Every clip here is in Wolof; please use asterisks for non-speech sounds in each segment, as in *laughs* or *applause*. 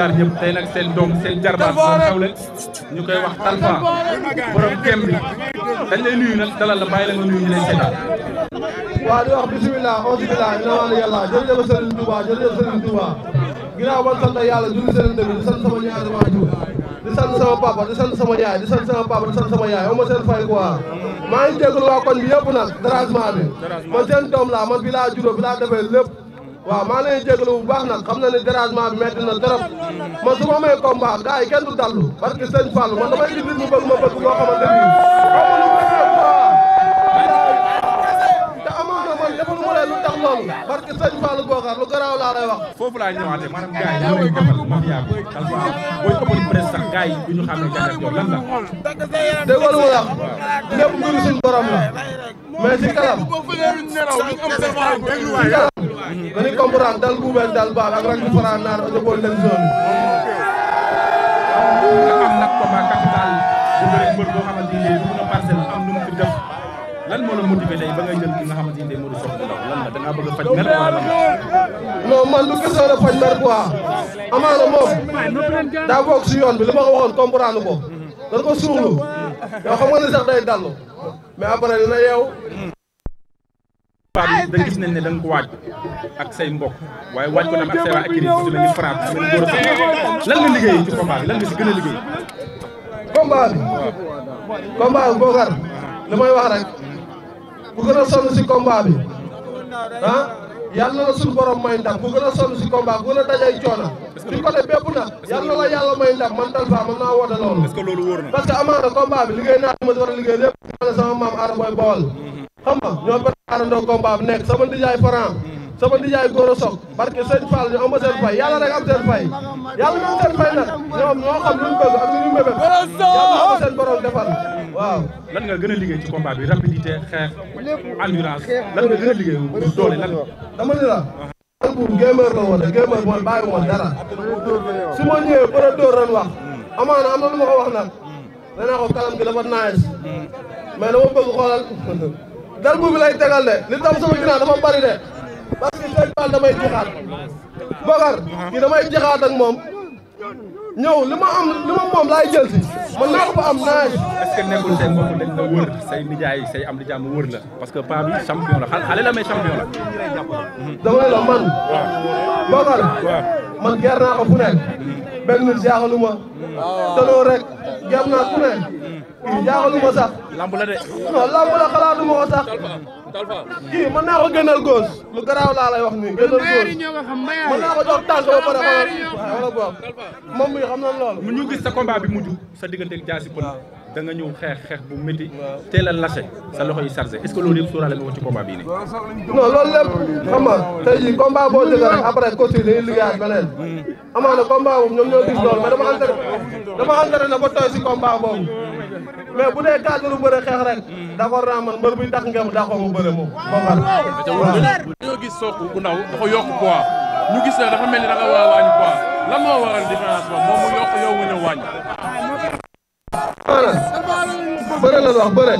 jaar ñëpp tey nag seen doom seen jarbaat seen xawle ñu koy wax Talfa borom kem bi dañ lay nuyu nag dalal la bàyyi la nga nuyu ñu lay seetaan. waaw di wax bisimilah auzu billahi mina wàllu yàlla jërëjëf Serigne Touba jërëjëf Serigne Touba ginnaaw ba sant yàlla julli seen dëgg di sant sama ñaari waajur di sant sama papa di sant sama yaay di sant sama papa di sant sama yaay amoo seen fay quoi. maa ngi déglu waa koñ bi yëpp nag dérangement bi man seen doom laa man bi laa juddoo bi laa defee lépp. waaw maa lay jégalu bu baax nag xam na ne dérangement bi metti na trop man su ma amee combat gars yi kenn du dallu parce que sëñ Fall man damay indi nit mu bëgg ma bëgg moo xamante ni lu ma lay lu tax loolu parce que sëñ Fallou Bokar lu garaaw laa lay wax foofu laa ñëwaatee maanaam gars yi loolu xamal mafia bi xalfa booy ëppal presse sax gars yi bu ñu xam ne jàngat yow lan la dégg nga lu ma la lépp mbiru suñu borom la mais si kanam si kanam dañuy comprendre dal buubeen dal baax ak rak faran naan ojo bool leen zone nga am nag combat capital bu bëri mbër boo xamante ni lan moo la motivé tey ba nga jël ki nga xamante da ngaa bëgg a faj mer wala non man du question de faj mer bi da gis nañ ne da ko waaj ak say mbokk waaye waaj ko tam ak la ñu frappe liggéey ci combat lan nga si gën a liggéey combat bi combat bi li may wax rek ku gën a sonn si combat bi ah yàlla la suñu borom may ndam ku gën a si combat ku gën a dajay coona ci côté bépp nag yàlla may ndam man dal fa naa woote loolu. parce que amaana combat bi liggéey naa ma war a liggéey sama maam aada bool mm-hmm. xam ñoo préparé ndoo combat bi sama ndijaay Franc mm-hmm. sama nijaay góor a soog barke sëñ Fall ñu am seen fay yàlla rek am seen fay yàlla ñu am seen fay nag ñoom ñoo xam lu ñu bëgg ak lu ñu am seen borom defal waaw lan a liggéey ci combat bi rapidité xeex endurance lan a liggéey bu doole lan dama ni la man bu gémeur dara su ma ñëwee bëra dóor ren wax amaana am na lu ma ko wax nag nee naa ko kalam gi dafa naes mais dama bëgg xoolal *laughs* dal bu lay tegal de li tam sama ginnaaw dafa bari de parce que Sëñ Fall damay jixaat Bakar ki damay jixaat ak moom ñëw li ma am li ma moom laay jël man naa ko fa am naaj. que nekkul say mbokk la wër say nijaay say am di wër la parce que paa bi champion xale la mais champion dama ne la man. waaw man ger naa ko fu nekk. benn nit jaaxaluma. rek ger naa fu nekk. kii jaaxaluma sax. lamb la de. non lamb la xalaatuma ko sax. kii mën naa ko gënal góos. lu garaaw laa lay wax nii gënal góos. mën naa ko jox tànk ba pare xoolal. wala boog moom mi xam na loolu. mu ñu gis sa combat bi mujj sa diggante Jaasi Pël. danga nga ñëw xeex xeex bu métti teel a lâché sa loxo yi chargé est-ce que loolu yëpp sóoraale nga ko ci combat bii nii. non loolu lépp xam nga tey jii combat boo jógee rek après côté dañuy liggéeyaat beneen. Hmm. amaana combat boobu ñoom ñoo gis loolu mais dama entraîné dama entraîné ba tooy si combat boobu mais bu dee cadre bu bëre xeex rek hmm. d'accord naa man mbër buy tax ngeen taxaw mu bëre moom. dañoo gis Sokh bu ndaw dafa yokk poids ne dafa mel ni nga war a wàññi moom mu yokk yow nga ñëw wàññi. maanaam bëre la wax bëre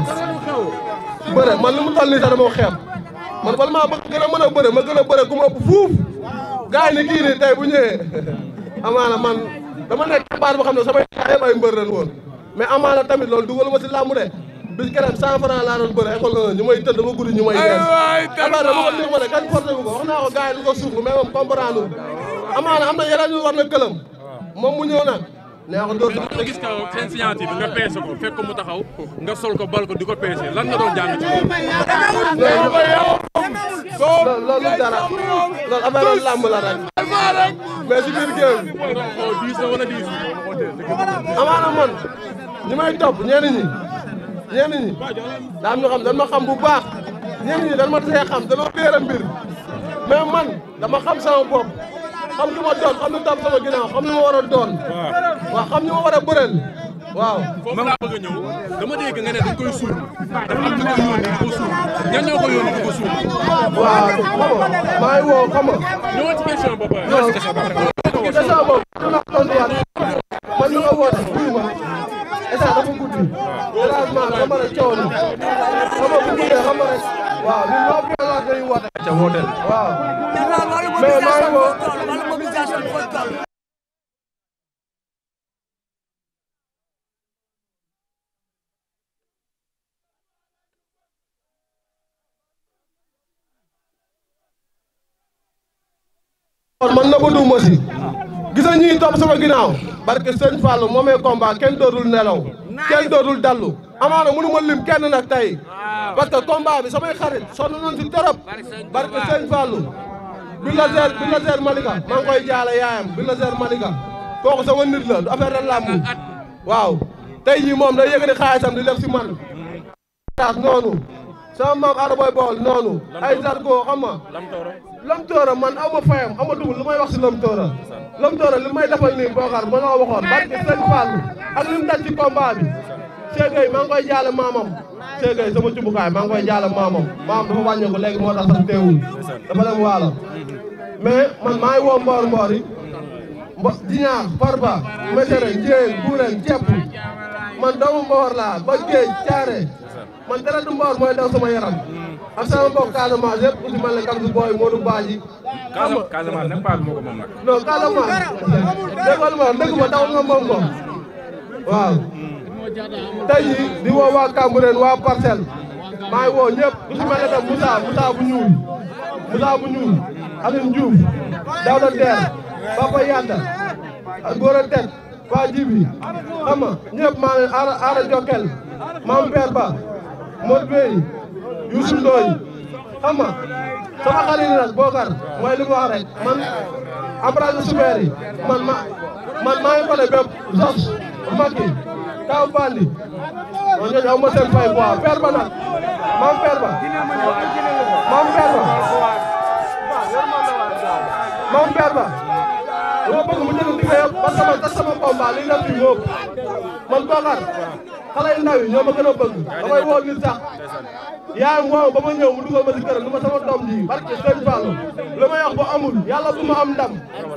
bëre man lu mu toll nii sax dama man bal maa bëgg a mën a ma gën a bëre ku ma ëpp fuuf gars yi ni kii nii tey bu ñëwee *laughs* amaana man dama xam ne samay gaa yëpp ay mbër ren woon mais amaana tamit loolu dugal ma si làmb de bis keneen cent franc laa doon bëre école la ñu may tëdd dama guddi ñu may dama ko déglu ma ne kan porté bu ko neexul dóor mais dañoo gis que seen signature bi nga ko fekk ko mu taxaw nga sol ko bal ko di ko peese lan nga doon jàng ci loolu loolu dara loolu affaire làmb la rek mais si biir géew diis na wala diis amaana man ñi may topp ñenn ñi ñenn ñi daa am ñu xam dañ ma xam bu baax ñenn ñi ma tee xam dañoo réer a mbir mais man dama xam sama bopp xam ki ma doon xam lu tam sama ginnaaw xam lu ma war a doon. waaw xam ñu ma war a bëreel. waaw foofu laa bëgg a ñëw dama dégg nga ne dañ koy suul dafa am ñu ko yónni di ko suul ñan ñoo ko yónni di ko suul. waaw xam nga maa ngi woo xam nga. ñëwoon ci question boobu. ñëw ci question boobu. question boobu dina ko tontu waat man li nga woote fii ma état dafa guddi. waaw élargement dama la coow na xam nga bu guddee xam nga rek waaw. man na Ndour Mossy gis na ñuy topp sama ginnaaw barke Sëñ Fallou moomee combat kenn dootul nelaw kenn dootul dallu amaana mënu ma lim kenn nag tey parce que combat bi samay xarit sonn nañ ci torop barke Sëñ Fallou bi la seer bi la Malika maa ngi koy jaale yaayam bi la seer Malika kooku sama nit la du waaw tey jii moom day yëkkati xaalisam di def si man taas noonu sama maam Ada Boy Baol noonu ay Zarko xam nga Lam man aw ma fayam amatul lu may wax si Lam Toora li may defal nii Bokar ma la waxoon barke Sëñ Fall ak li mu daj Ségueye maa ngi koy jaale maamam Ségueye sama cubukaay maa ngi koy jaale maamam maam dafa wàññeeku léegi moo tax sax teewul dafa dem waalo mais man maa ngi woo mboor mboor mbo Diñaax Farba Mesere Jéen Buureen Cepp man doomu mboor laa ba géej caare man dara du mooy daw sama yaram ak sama mbokk Casamance yëpp ku kam si booy Modou Badji xam nga Casamance nag Paa bi moo ma dëgg ma daw nga moom waaw tey jii di woo waa waa Parcelles maa ngi woo ñëpp ku si mel ne tam Moussa Moussa bu ñuul Moussa bu ñuul Alioune Diouf Tet waa Jibi xam nga ñëpp maa ngi aara aara Jokkel Mame Père Ba Modou Bey li mu wax man embrasé man ma man maa ngi fane bépp sos taw bandi non ñooñu aw ma seen fay quoi per ba nag maam per ba maam per bëgg mu jënd diggante yëpp man sama tas sama combat li def man koo xar xale yu ndaw yi a bëgg damay woo nit sax yaayam waaw ba ma ñëw mu dugal ma si këram ni ma sama doom ji barke sëñ Fallou li may wax bu amul yàlla bu ma am ndam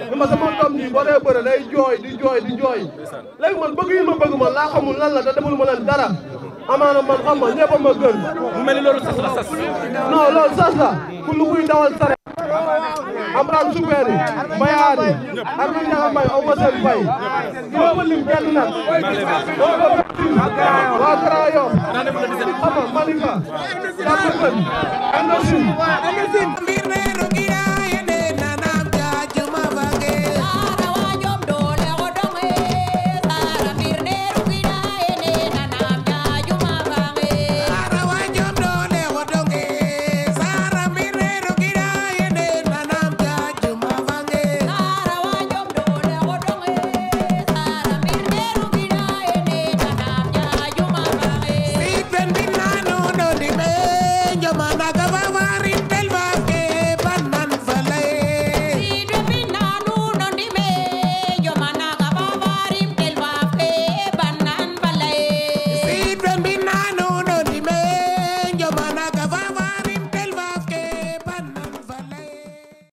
ni ma sama doom ji boo dee bëre day jooy di jooy di jooy bëgg yi ma ma laa xamul lan la te deful ma leen dara amaana man xam ma ñëpp ma gën mu mel ni loolu sas la sas non loolu sas la ku lu kuy dawal sare amran super mbayaari ak ñu ñaga mbay aw ma seen fay doo ma lim kenn nag am na suuf am na suuf